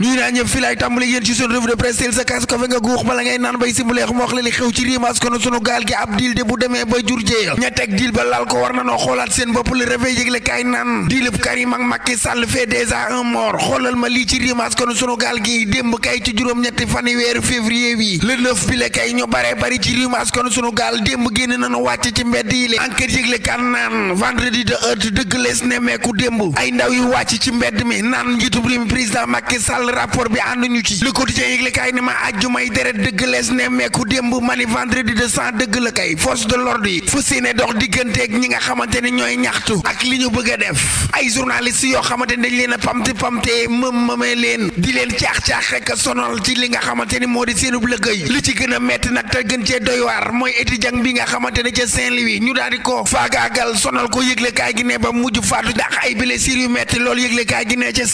nuy naa ñëpp fi laay tàmbali yéen ci sunu revue de presse teel sa kaas kafe nga guux bala ngay naan bay simbuleex moox la li xew ci rimas kono sunu gaal gi ab diil de bu demee ba jur jee ña teg diil ba laal ko war na noo xoolaat seen bopp le réveil yëgle kaay naan diilub Karim ak Macky Sall fait déjà mort xoolal ma lii ci rimas kono sunu gaal gi démb kay ci juróom-ñetti fani weeru février wi le neuf bi le kay ñu bare bari ci rimas kono sunu gaal démb génn nañu wàcc ci le enquête yëgle kan naan vendredi de heure dëgg lees mi naan njiitub réew mi président Macky rapport bi ànduñu ci le quotidien yëgle kay ni ma àjjumay deret dëgg lees ne meeku démb mali vendredi de sang dëgg la kay force de l'ordre yi fu si ne a ay journaliste yoo xamante ne dañ leen a ci li nga xamante ni moo di seenub a bi mujj faatu ndax ay blessures yu metti loolu yëgle kaay gi ne ca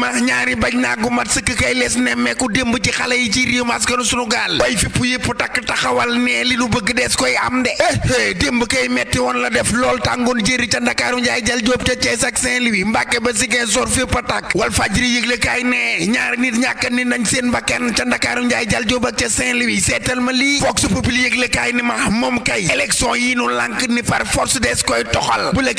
ma ñaari bañ naa gu mat sëkk kay lees nemmeeku démb ci xale yi ci réew maskanu sunu gaal way fippu yëpp takk taxawal nee li lu bëgg dees koy am de eh, eh démb kay metti woon la def lool tàngoon jëri ca ndakaaru njaay jal jóob ca Thiès ak Saint-Louis Mbàkke ba Ziguinchor fépp a tàkk wal fajri yëgle kaay nee seetal ma lii Vox Populi yëgle kaay ni ma moom kay élection yi nu lànk ni par force dees koy toxal bu le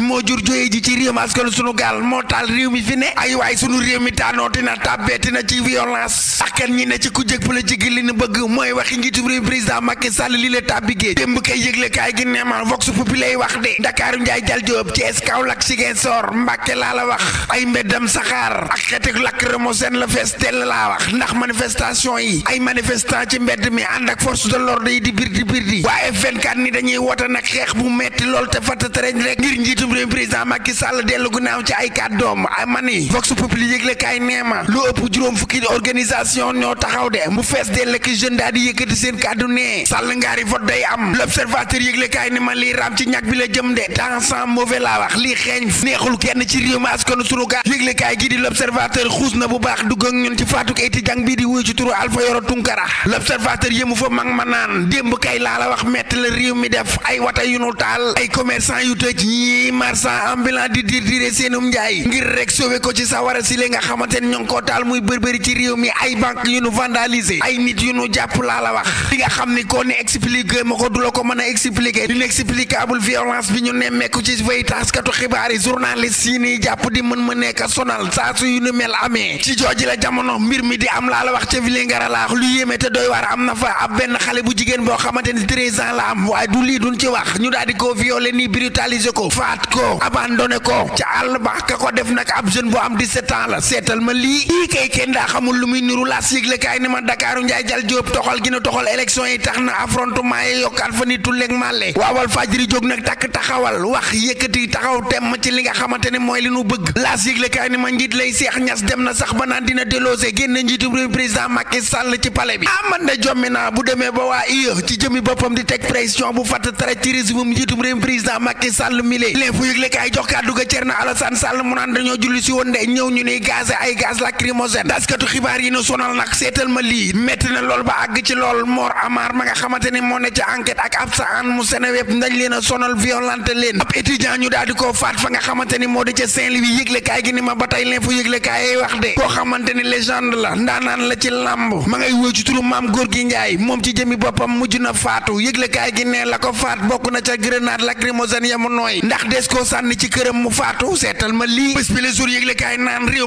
moo jur jóye ji ci réew maskanu sunu gaal moo taal réew mi fi ne ay waay sunu réew mi taanooti na tàbbeeti na ci violence akkan ñi ne ci ku jëg politique li ñu bëgg mooy waxi njiitu réew président Macky Sall li la tàbbi géej démb kay yëgle kaay gi neema vox populi wax de Dakar Njaay jal Joob Cees Kaolack Ziguinchor Mbàkke laa la wax ay mbeddam saxaar ak xeetu lacrymogène la fees tell laa wax ndax manifestation yi ay manifestant ci mbedd mi ànd ak force de l'ordre yi di bir ay mani vox populi yëgle kaay neema lu ëpp juróom fukki organisation ñoo taxaw de mu fees dell ak jeune daal di yëkkati seen kàddu ne sàll ngaari vote day am l'observateur yëgle ni ne ma lii raam ci ñàkk bi la jëm de temps sans mauvais la wax lii xeeñ neexul kenn ci réew mi askanu sunu gaa yëgle kaay gi di l'observateur xuus na bu baax dugg ak ñun ci faatuk eti jang di wuyu ci turu Alpha Yoro Tunkara l'observateur yëmu fa mag ma naan démb kay laa la wax metti la réew mi def ay wata yu nu taal ay commerçant yu di dir dire seenum rek sauvé ko ci sawara si li nga xamante ni ñoo ngi koo taal muy bërbëri ci réew mi ay banque yu nu vandaliser ay nit yu nu jàpp laa la wax li nga xam ni ko ni expliqué ma ko du la ko mën a expliqué l'inexplicable violence bi ñu nemmeeku ci vey taskatu xibaar yi journaliste yi ni jàpp di mën ma nekk sonal saa su yu nu mel amee ci jooji la jamono mbir mi di am laa la wax ca Vélingara laa lu yéeme te doy waar am na fa ab benn xale bu jigéen boo xamante ni treize ans la am waaye du lii duñ ci wax ñu daal di ko violé ni brutaliser ko faat ko abandonné nag ab jeune bu am 17 ans la seetal ma lii lii kay kenn daa xamul lu muy niru laas yëgle ni ma Dakaaru Njaay Jal Jóob toxal gi toxal élection yi tax na affrontement yi yokkaat fa ni tulleeg màlle waawal fajiri jóg nag takk taxawal wax yëkkati taxaw temm ci li nga xamante ne mooy li nu bëgg laas yëgle kaay ni ma njiit lay seex ñas dem na sax ba dina déloger génn njiitu réew président Macky Sall ci palais bi aman de jommi naa bu demee ba waa UE ci di teg pression bu fatt tara julli si woon de ñëw ñu ni gazé ay gaz lacrymogène taskatu xibaar yi nu sonal nag seetal ma lii métti na lool ba àgg ci lool Mor Amar ma nga xamante ni moo ne ci enquête ak Absa Anne mu Seneweb dañ leen a sonal violente leen ab étudiant ñu daal di koo faat fa nga xamante ni moo di ca Saint-Louis yëglekaay gi ni ma ba tey leen fu yëglekaay yi wax de koo xamante ni légende la ndaanaan la ci làmb ma ngay wóo ci maam góor gi Njaay moom ci jëmi boppam mujj na faatu yëglekaay gi la ko faat bokk na ca grenade lacrymogène yamu nooy ndax des koo sànni ci këram mu faatu des jours yëgle kaay naan réew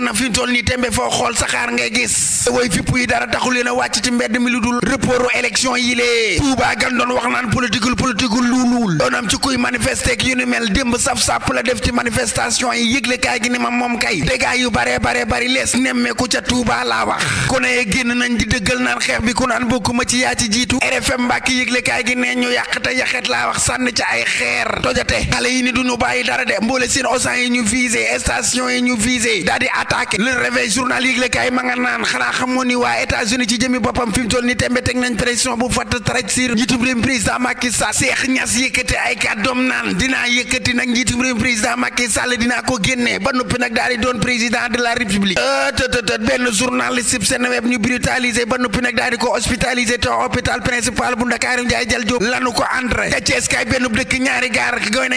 na fi toll nii tembe foo xool saxaar ngay gis way fipp yi dara taxul leen a wàcc ci mbedd mi lu dul reportu élection yi lée Touba gan doon wax naan politikul politikul lu doon am ci kuy manifester ak yu ni mel démb saf-sàpp la def ci manifestation yi yëgle kaay gi ni ma moom kay dégâts yu bare bare bari lees nemmeeku ca Touba laa wax ku ne génn nañ di dëggal naan xeex bi ku naan bokkuma ci yaa ci jiitu RFM Mbàkke yëgle kaay gi ne ñu yàq te yaxet laa wax sànni ca ay xeer tojate xale yi ni duñu bàyyi dara de mboole seen osan yi ñu visé manifestation yi ñu visé daal di attaqué le journal yëgle kaay naan xanaa xamoon ni waa États-Unis ci jëmi boppam fi toll ni tembe teg nañ pression bu fatt trac sur njiitum président Macky Sall Cheikh Niass yëkkati ay kàddoom naan dinaa yëkkati nag njiitum réew président Macky Sall dinaa ko génnee ba noppi nag daal doon président de la république tëtëtët euh, benn journaliste bi seen web ñu brutalisé ba noppi nag daal ko hospitalisé te hôpital ca Thiès kaay benn dëkk ñaari gaar goy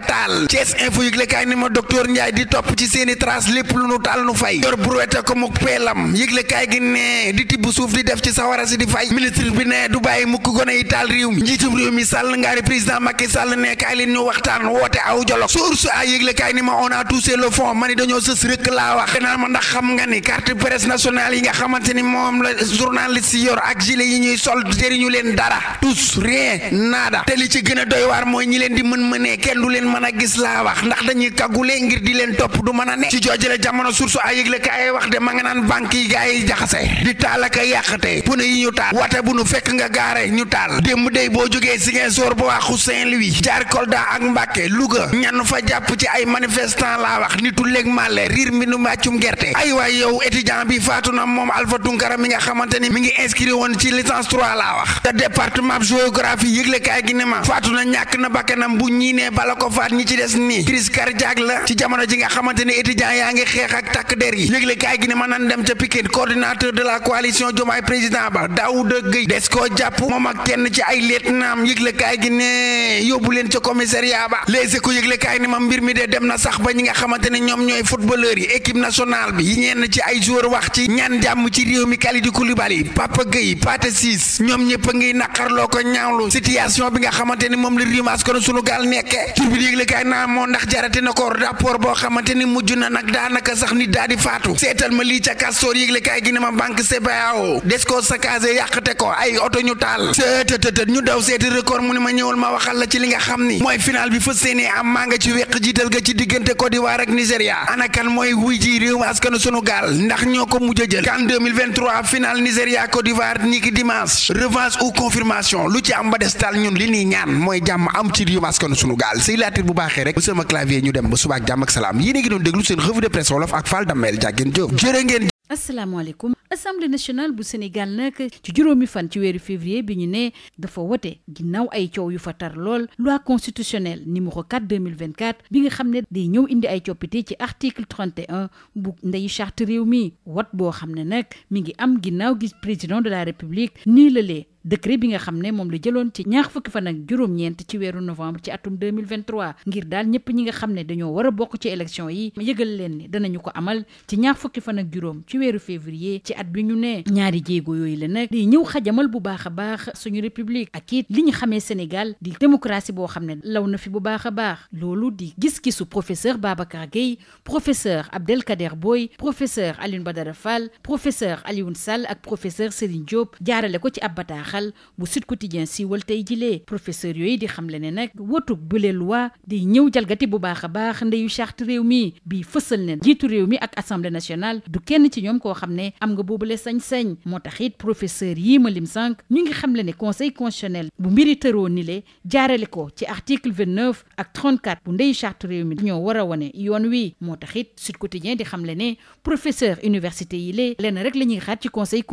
taal Thiès info yëglekaay ni ma docteur Ndiaye di topp ci seeni trace lépp lu nu taal nu fay yor brouette ko mu peelam yëglekaay gi ne di tibb suuf di def ci sawara si di fay ministre bi ne du bàyyi mukk gone yi taal réew njiitum réew mi sàll ngaari président Macky Sall ne kaay leen ñu waxtaan woote aw jolo source a yëglekaay ni ma on a touché le fond ma ni dañoo sës rëkk laa wax danaa ma ndax xam nga ni carte presse nationale yi nga xamante ni la journaliste yor ak gilet yi ñuy a leen mën a gis laa wax ndax dañuy kaggulee ngir di leen topp du mën a ne ci joojale jamono source ay yëgle ka ay wax de ma nga naan banque yi gaa yi jaxase di taal ak a yàqate pune yi ñu taal wate bu nu fekk nga gaare ñu taal démb day boo jógee Ziguinchor ba waxu Saint-Louis jaar Kolda ak Mbàkke Louga ñan fa jàpp ci ay manifestant laa wax nitu léeg màlle riir mi màccum gerte ay waay yow étudiant bi faatu na moom Alpha Tunkara mi nga xamante ni mi ngi inscrit woon ci licence 3 ko faat ñi ci des nii crise cardiaque la ci jamono ji nga xamante ne étudiant yaa ngi xeex ak takk der yi yëgle gi ne mën nañ dem ca Pikine coordinateur de la coalition Diomaye président ba Daouda Gueye des koo jàpp moom ak kenn ci ay lieutenant yëgle gi ne leen ca commissariat ba Les Échos yëgle kaay ne ma mbir mi de dem na sax ba ñi nga xamante ne ñoom ñooy footballeur yi équipe nationale bi yi ñenn ci ay joueur wax ci ñaan jàmm ci réew mi Kalidou Koulibaly Papa Gueye Pathé Ciss ñoom ñëpp a ngi naqarloo ko ñaawlu situation bi nga xamante bi yëgle kaay naa moo ndax jarati na ko rapport boo xamante ni mujj na nag daanaka sax nit daa faatu seetal ma lii ca kastoor yëgle kaay gi ne ma banque CBAO des ko saccagé yàqte ko ay oto ñu taal ñu daw seeti record mu ne ma ñëwal ma waxal la ci li nga xam ni mooy final bi fas yéene am maa nga ci weq jiital ga ci diggante Côte d'Ivoire ak Nigéria ana kan mooy wuy ji réew askanu sunu gaal ndax ñoo ko mujj a jël kan 2023 final Nigéria Côte d'Ivoire législature bu baaxee rek ba sama clavier ñu dem ba suba ak jàmm ak salaam yéen a ngi doon déglu seen revue de presse wolof ak Fall Damel jàggeen jëf jërë ngeen asalaamaaleykum assemblée nationale bu Sénégal nag ci juróomi fan ci weeru février bi ñu ne dafa wote ginnaaw ay coow yu fa tar lool loi constitutionnelle numéro 4 2024 bi nga xam ne day ñëw indi ay coppite ci article 31 bu ndeyu charte réew mi wat boo xam ne nag mi ngi am ginnaaw gis président de la république nii la lee décret bi nga xam ne moom la jëloon ci ñaar fukki fan ak juróom-ñeent ci weeru novembre ci atum ngir daal ñëpp ñi nga xam ne dañoo war a bokk ci élection yi yëgal leen ni danañu ko amal ci ñaar fukki fan ak juróom ci weeru février ci at bi ñu ne ñaari jéego yooyu la nag di ñëw xajamal bu baax a baax suñu république ak it li ñu xamee Sénégal di démocratie boo xam ne law na fi bu baax a baax loolu di gis-gisu professeur Babacar Gueye professeur Abdelkader Boy professeur Alioune Badara Fall professeur Alioune Sall ak professeur Serigne Diop jaarale ko ci ab bataax bataaxal bu Sud Quotidien siiwal tey lee professeur yooyu di xamle ne nag wotug bu le loi di ñëw jalgati bu baax a baax ndeyu charte réew mii bii fësal ne jiitu réew mi ak assemblée nationale du kenn ci ñoom koo xam ne am nga boobule sañ-sañ moo tax it professeur yii ma lim sànq ñu ngi xamle ne conseil constitutionnel bu mbiri tëroo ni le jaarale ko ci article 29 ak 34 bu ndeyu charte réew mi ñoo war a wane yoon wi moo tax it Sud Quotidien di xamle ne professeur université yi lee leen rek la ñuy xaar ci conseil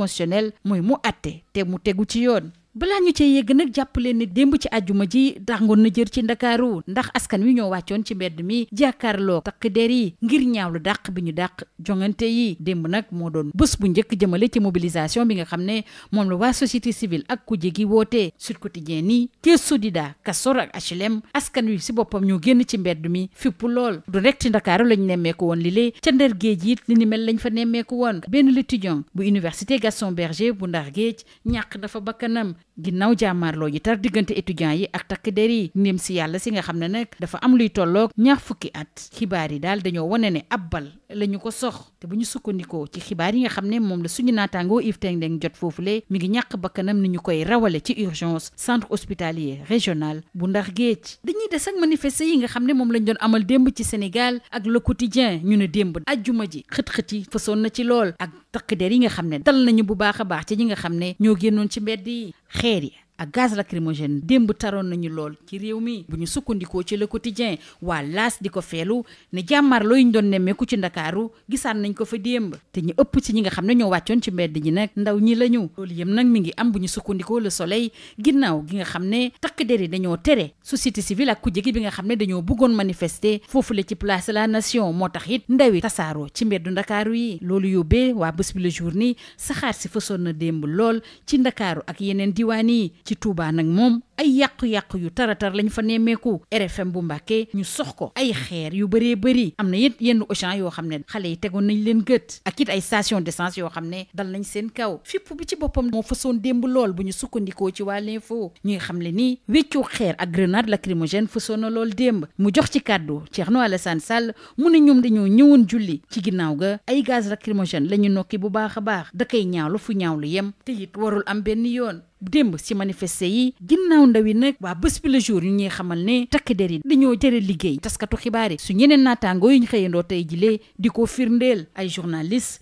mooy mu atte yoon balaa ñu cee yegg nag jàpp leen ni démb ci àjjuma ji tàngoon na jër ci ndakaaru ndax askan wi ñoo wàccoon ci mbedd mi jàkkaarloo takk der yi ngir lu dàq bi ñu dàq jongante yi demb nag moo doon bës bu njëkk jëmale ci mobilisation bi nga xam ne moom la waa société civile ak ku jegi woote Sud Quotidien nii te Sodida Castor ak askan wi si boppam ñoo génn ci mbedd mi fipp lool du rek ci ndakaaru lañ nemmeeku woon li lée ca ndar géej it li fa nemmeeku woon benn l'étudiant bu université Gaston Berger bu ndar géej ñàkk dafa bakkanam ginnaaw jàmmaarloo ji tar diggante étudiants yi ak takk der yi ndéem si yàlla si nga xam ne nag dafa am luy tolloog ñaar fukki at xibaar yi daal dañoo wane ne ab bal la ñu ko sox te bu ñu sukkandikoo ci xibaar yi nga xam ne moom la suñu naataangoo Yves Tendeng jot foofule mi ngi ñàkk bakkanam ni ñu koy rawale ci urgence centre hospitalier régional bu yi nga xam ne moom lañ doon amal démb ci Sénégal ak le quotidien ñu ne démb ajjuma ji xët-xët yi fasoon na ci lool ak takk der yi nga xam ne dal nañu bu baax a baax ci ñi nga xam ne ñoo génnoon ci mbedd yi xeer yi ak gaz lacrymogène démb taroon nañu lool ci réew mi bu ñu sukkandikoo ci le waa laas di ko feelu ne jàmmarloo yi ñu doon nemmeeku ci ndakaaru gisaan nañ ko fa démb te ñu ëpp ci ñi nga xam ne ñoo wàccoon ci mbedd ñi nag ndaw ñi la ñu loolu yëpp nag mi ngi am bu ñu sukkandikoo le soleil ginnaaw gi nga xam ne takk der yi dañoo tere société civile ak kujje gi bi nga xam ne dañoo bëggoon manifester foofu la ci place la nation moo tax it ndaw yi tasaaroo ci mbeddu ndakaaru yi loolu yóbbee waa bés bi le jour ni saxaar si fasoon na démb lool ci ndakaaru ak yeneen diwaan yi ci Touba nag moom ay yàqu-yàqu yu taratar lañ fa nemmeeku RFM bu Mbàkke ñu sox ko ay xeer yu bëree bëri am na yét yenn Auchan yoo xam ne xale yi tegoon nañ leen gët ak it ay station d'essence yoo xam ne dal nañ seen kaw fipp bi ci boppam moo fasoon démb lool bu ñu sukkandikoo ci waa l'info ñuy xam le nii wéccoo xeer ak grenade lacrymogène fasoon na lool démb mu jox ci kàddu Thierno Alassane Sall mu ne ñoom dañoo ñëwoon julli ci ginnaaw ga ay gaz lacrymogène la ñu nokki bu baax a baax da koy ñaawlu fu ñaawlu yem te it am benn yoon ndaw yi nag waa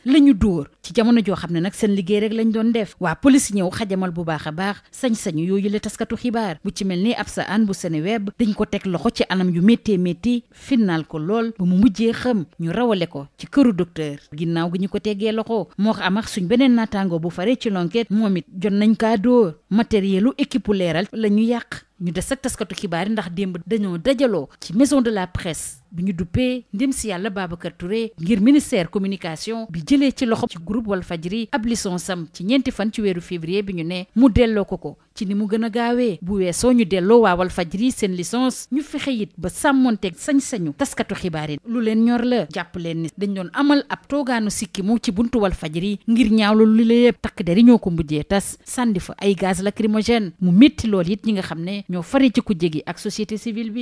la ñu dóor ci jamono joo xam ne nag seen liggéey rek lañ doon def waa police ñëw xajamal bu baax a baax sañ-sañu yooyu la taskatu xibaar bu ci mel ni Absa Anne bu Seneweb dañ ko teg loxo ci anam yu méttee métti finnaal ko lool ba mu mujjee xam ñu rawale ko ci këru docteur ginnaaw gi ñu ko teggee loxo moo amax suñ beneen naataangoo bu fare ci l'enquête moom it jot nañ kaa dóor matérielu équipe leeral lañ ñu yàq ñu des ak taskatu xibaar yi ndax démb dañoo dajaloo ci maison de la presse bi ñu duppee ndim si yàlla Babacar Touré ngir ministère communication bi jëlee ci loxo ci groupe Walfadjri ab licence am ci ñeenti fan ci weeru février bi ñu ne mu delloo ko ko ci ni mu gën a gaawee bu weesoo ñu delloo waa Walfadjri seen licence ñu fexe it ba sàmmonteeg sañ-sañu taskatu xibaar yi lu leen ñor la jàpp leen ni dañ doon amal ab toogaanu sikki mu ci buntu Walfadjri ngir ñaawlu lu la yëpp takk der yi ñoo ko mujjee tas sànni fa ay gaz lacrymogène mu métti lool it ñi nga xam ne ñoo fari ci ku jégi ak société civile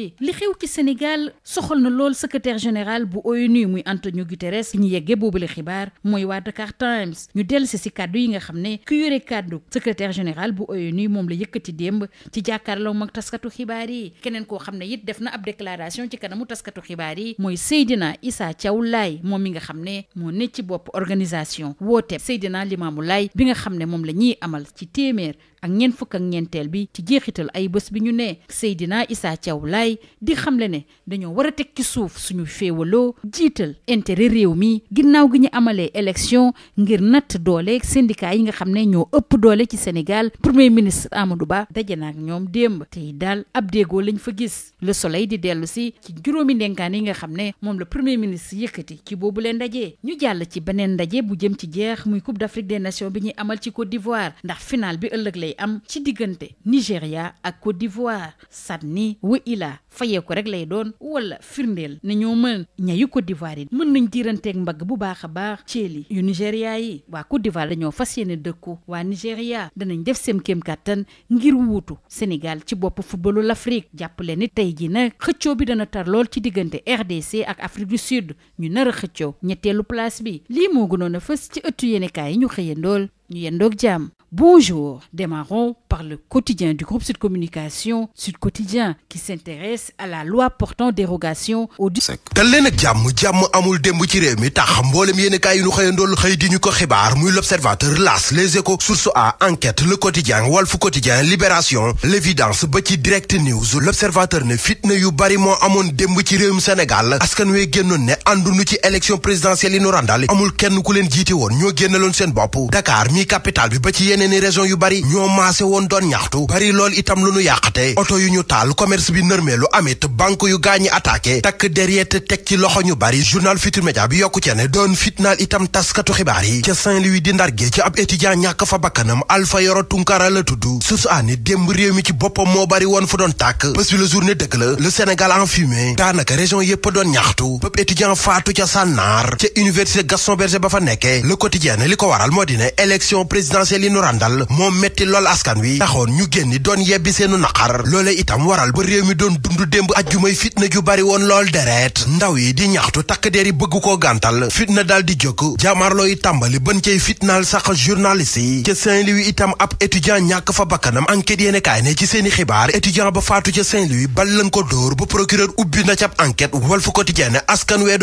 lool secretaire général bu ONU muy Antonio Guterres fi ñu yeggee boobule xibaar mooy waa Dakar Times ñu dellu si si kàddu yi nga xam ne ku yore kàddu secrétaire général bu ONU moom la yëkkati démb ci jàkkaarloo mag taskatu xibaar yi keneen koo xam ne it def na ab déclaration ci kanamu taskatu xibaar yi mooy Seydina Issa Thiaw Laye moom mi nga xam ne moo ne ci bopp organisation woote Seydina Limamou Laye bi nga xam ne moom la ñuy amal ci téeméer ak ñeent fukk ak ñeenteel bi ci jeexital ay bés bi ñu ne Seydina Issa Thiaw Laye di xamle ne dañoo war a teg ci suuf suñu féewaloo jiital intérêt réew mi ginnaaw gi ñu amalee élection ngir natt doole syndicat yi nga xam ne ñoo ëpp doole ci Sénégal premier ministre Amadou Ba daje na ak ñoom démb tey daal ab déggoo lañ fa gis le soleil di dellu si ci juróomi ndenkaan yi nga xam ne moom la premier ministre yëkkati ci boobu leen ndaje ñu jàll ci beneen ndaje bu jëm ci jeex muy coupe d'Afrique des bi ñuy amal ci Côte d'Ivoire ndax final bi ëllëg am ci diggante nigeria ak Côte d'Ivoire sànni wa ilaa fayee ko rek lay doon wala firndeel nañoo ñoo mën ñayu Côte d'Ivoire yi mën nañ diiranteek mbagg bu baax a baax ceeli yu Nigéria yi waa Côte d'Ivoire dañoo fas yéene dëkku waa nigeria danañ def seen kéem kàttan ngir wutu Sénégal ci bopp footballu l'Afrique jàppale ni tey ji nag xëccoo bi dana tar lool ci diggante RDC ak Afrique du Sud ñu nar a xëccoo ñetteelu place bi lii moo gënoon a fës ci ëttu yéenekaay yi ñu xëyandool ñu yendoog jàmm Bonjour, démarrons par le quotidien du groupe Sud Communication, Sud Quotidien, qui s'intéresse à la loi portant dérogation au dal leen ak jàmm jàmm amul demb ci réew mi tax mboolem yéen kaay yi nu xëyandool xëy di ñu ko xibaar muy l'observateur las les échos source a enquête le quotidien Walf Quotidien libération l'évidence ba ci direct news l'observateur ne na yu bari moo amoon demb ci réewum Sénégal askan wee génnoon ne àndunu ci élection présidentielle yi nu ràndal amul kenn ku leen jiite woon ñoo génnaloon seen bopp Dakar yeneeni région yu bari ñoo maase woon doon ñaxtu bari lool itam lu nu yàqate oto yu ñu taal commerce bi nërmeelu amit banque yu gaañi attaqué takk derrière teg ci loxo ñu bari journal Futurs Médias bi yokku ci ne doon fitnaal itam taskatu xibaar yi ca Saint-Louis di ndargee ci ab étudiant ñàkk fa bakkanam Alpha Yoro Tunkara la tudd susu aani démb réew mi ci boppam moo bari woon fu doon tàkk bés la journée dëgg la le Sénégal en daanaka région yépp doon ràndal moo metti lool askan wi taxoon ñu génni doon yebbi seenu naqar loola itam waral ba réew mi doon dund démb ajjumay fitna ju bari woon lool deret ndaw yi di ñaxtu takk der yi bëgg koo gàntal fitna dal di jëkk jaamarloo yi tàmbali bën cay fitnaal sax journaliste yi ca Saint-Louis itam ab étudiant ñàkk fa bakkanam enquête yéene kaay ne ci seeni xibaar étudiant ba faatu ca Saint-Louis bal lañ dóor ba procureur ubbi na cab enquête Walf Quotidien askan wee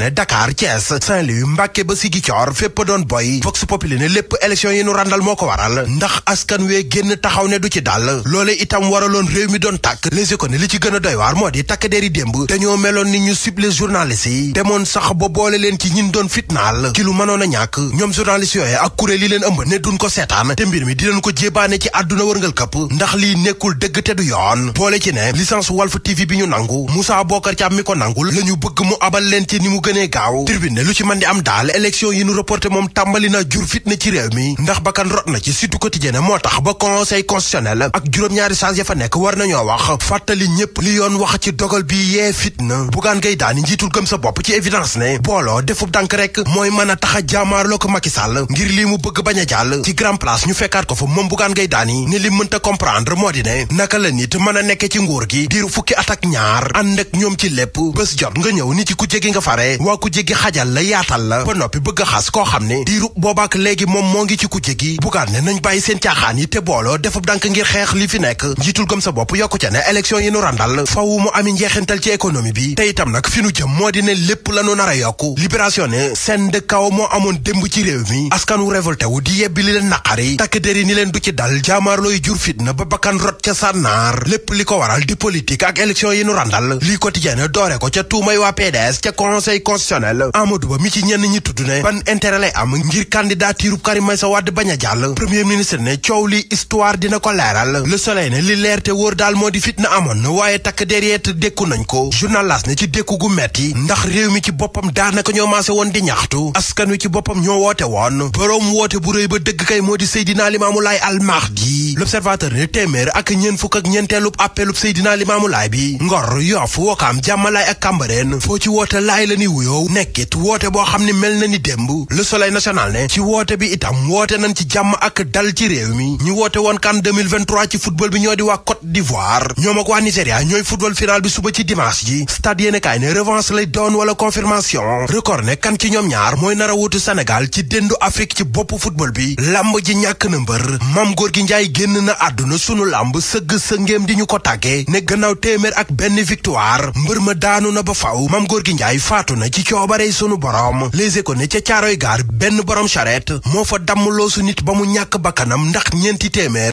ne Dakar Thiès saint ñëpp doon boy vox populi ne lépp élection yi nu randal moo ko waral ndax askan wee génn taxaw ne du ci dal loole itam waraloon réew mi doon tàkk les économies li ci gën a moo di takk deri démb dañoo meloon ni ñu ciblé journalistes yi demoon sax ba boole leen ci ñin doon fitnaal ci lu a ñàkk ñoom journalistes yooye ak kuréel leen ëmb ne duñ ko seetaan te mbir mi dinañ ko jébaane ci àdduna wërngal këpp ndax lii nekkul dëgg te du yoon moom tàmbali na jur fitna ci réew mi ndax bakkan rot na ci surtout quotidien moo tax ba conseil constitutionnel ak juróom-ñaari sages ya fa nekk war nañoo wax fàttali ñëpp li yoon wax ci dogal bi yee fitna bugaan gay daani njiitul gëm sa bopp ci évidence ne booloo defub dànk rek mooy mën a tax a jaamaarloo ko Macky Sall ngir lii mu bëgg bañ a jàll ci grand place ñu fekkaat ko fa moom bugaan gay daani ni li mënta comprendre moo di ne naka la nit mën a nekke ci nguur gi diiru fukki at ñaar ànd ak ñoom ci lépp bés nga ñëw ni ci ku jéggi nga fare waa ku jéggi xajal la yaatal la ba noppi bëgg a xas xam ne diiru boobaak léegi moom moo ngi ci kujje gi bugaan ne nañ bàyyi seen caaxaan yi te booloo defub dànk ngir xeex li fi nekk njiitul gëm sa bopp yokk ca ne élection yi nu ràndal fawu mu ami njeexintal ci économie bi te itam nag fi nu jëm moo di ne lépp la nu nar a yokk libération ne seen dëkkaaw moo amoon démb ci réew mi askanu révolté wu di yebbi li leen naqari takk deri ni leen du ci dal jaamaarlooy jur fitna ba bakkan rot ca sànnaar lépp li ko waral di politique ak yi nu ràndal li quotidien doore ko ca tuumay waa PDS mën a am ngir candidature Karim Meïssa Wade bañ a jàll premier ministre ne coow li histoire dina ko leeral le soleil ne li leer te wóor daal moo di fitna amoon waaye takk derrière dékku nañ ko journal L'As ne ci dékku gu metti ndax réew mi ci boppam daanaka ñoo maase woon di ñaxtu askan wi ci boppam ñoo woote woon boroom woote bu rëy ba dëgg kay moo di Seydina Limaamu Laay Almahdi l'observateur ne téeméer ak ñeen fukk ak ñeenteelub appelub Seydina Limaamu bi Ngor Yoff Wakaam Jàmmalaay ak Kàmbareen foo ci woote laay la ni nekkit woote boo xam ne mel na ni démb le soleil national ne ci woote bi itam woote nañ ci jàmm ak dal ci réew mi ñu woote woon CAN 2023 ci football bi ñoo di waa Côte d'Ivoire ñoom ak waa Nigéria ñooy football final bi suba ci dimanche ji stade yéene ne revanche lay doon wala confirmation record mooy nar a wuutu Sénégal ci déndu Afrique ci bopp football bi lamb ji génn na àdduna sunu làmb sëgg sa ngéem di ñu ko tàggee ne gannaaw téeméer ak benn victoire mbër ma daanu na ba faw mam góor gi njaay faatu na ci coobarey sunu borom Les ko ne ca caaroy gaar benn borom charrette moo fa dammloo su nit ba mu ñàkk bakkanam ndax ñeenti téeméer